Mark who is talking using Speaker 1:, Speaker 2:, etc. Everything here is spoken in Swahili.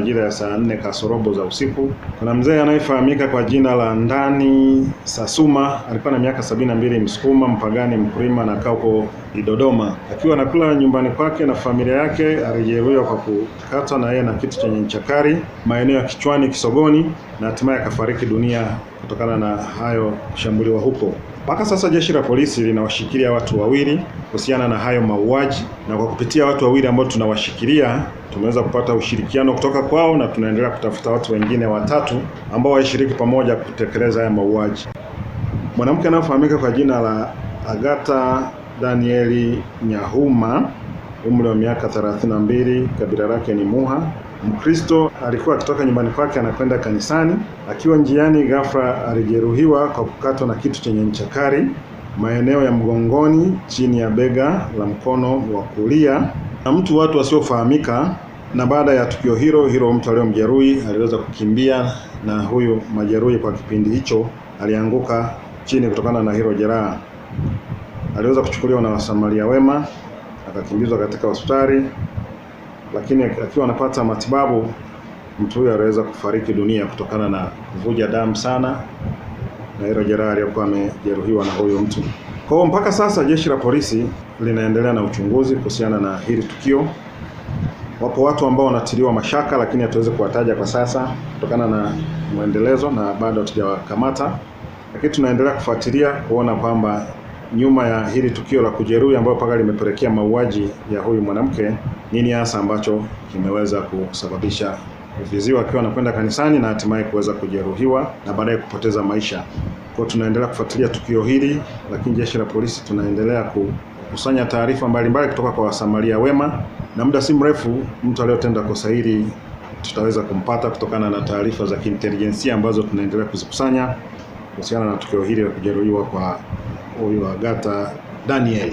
Speaker 1: majira ya saa nne kasorobo za usiku. Kuna mzee anayefahamika kwa jina la Ndani Sasuma, alikuwa na miaka sabini na mbili, Msukuma, mpagani, mkulima na kauko Idodoma. Akiwa anakula nyumbani kwake na familia yake, alijeruhiwa kwa kukatwa na yeye na kitu chenye ncha kali maeneo ya kichwani, kisogoni na hatimaye akafariki dunia kutokana na hayo kushambuliwa huko. Mpaka sasa jeshi la polisi linawashikilia watu wawili kuhusiana na hayo mauaji, na kwa kupitia watu wawili ambao tunawashikilia tumeweza kupata ushirikiano kutoka kwao, na tunaendelea kutafuta watu wengine watatu ambao walishiriki pamoja kutekeleza haya mauaji. Mwanamke anayefahamika kwa jina la Agata Danieli Nyahuma, umri wa miaka 32, kabila lake ni Muha, Mkristo. Alikuwa akitoka nyumbani kwake anakwenda kanisani. Akiwa njiani, ghafla alijeruhiwa kwa kukatwa na kitu chenye ncha kali maeneo ya mgongoni, chini ya bega la mkono wa kulia na mtu watu wasiofahamika. Na baada ya tukio hilo hilo, mtu aliyomjeruhi aliweza kukimbia, na huyu majeruhi kwa kipindi hicho alianguka chini kutokana na hilo jeraha. Aliweza kuchukuliwa na wasamaria wema akakimbizwa katika hospitali, lakini akiwa anapata matibabu mtu huyo aliweza kufariki dunia kutokana na kuvuja damu sana hilo jeraha aliyokuwa amejeruhiwa na huyo mtu. Kwa hiyo mpaka sasa jeshi la polisi linaendelea na uchunguzi kuhusiana na hili tukio. Wapo watu ambao wanatiliwa mashaka, lakini hatuwezi kuwataja kwa sasa kutokana na mwendelezo na bado hatujawakamata, lakini tunaendelea kufuatilia kuona kwamba nyuma ya hili tukio la kujeruhi ambayo mpaka limepelekea mauaji ya huyu mwanamke, nini hasa ambacho kimeweza kusababisha viziwi akiwa anakwenda kanisani na hatimaye kuweza kujeruhiwa na baadaye kupoteza maisha. Kwa tunaendelea kufuatilia tukio hili, lakini jeshi la polisi tunaendelea kukusanya taarifa mbalimbali kutoka kwa wasamaria wema, na muda si mrefu mtu aliyotenda kosa hili tutaweza kumpata kutokana na taarifa za kiintelijensia ambazo tunaendelea kuzikusanya kuhusiana na tukio hili la kujeruhiwa kwa huyu Agata Daniel.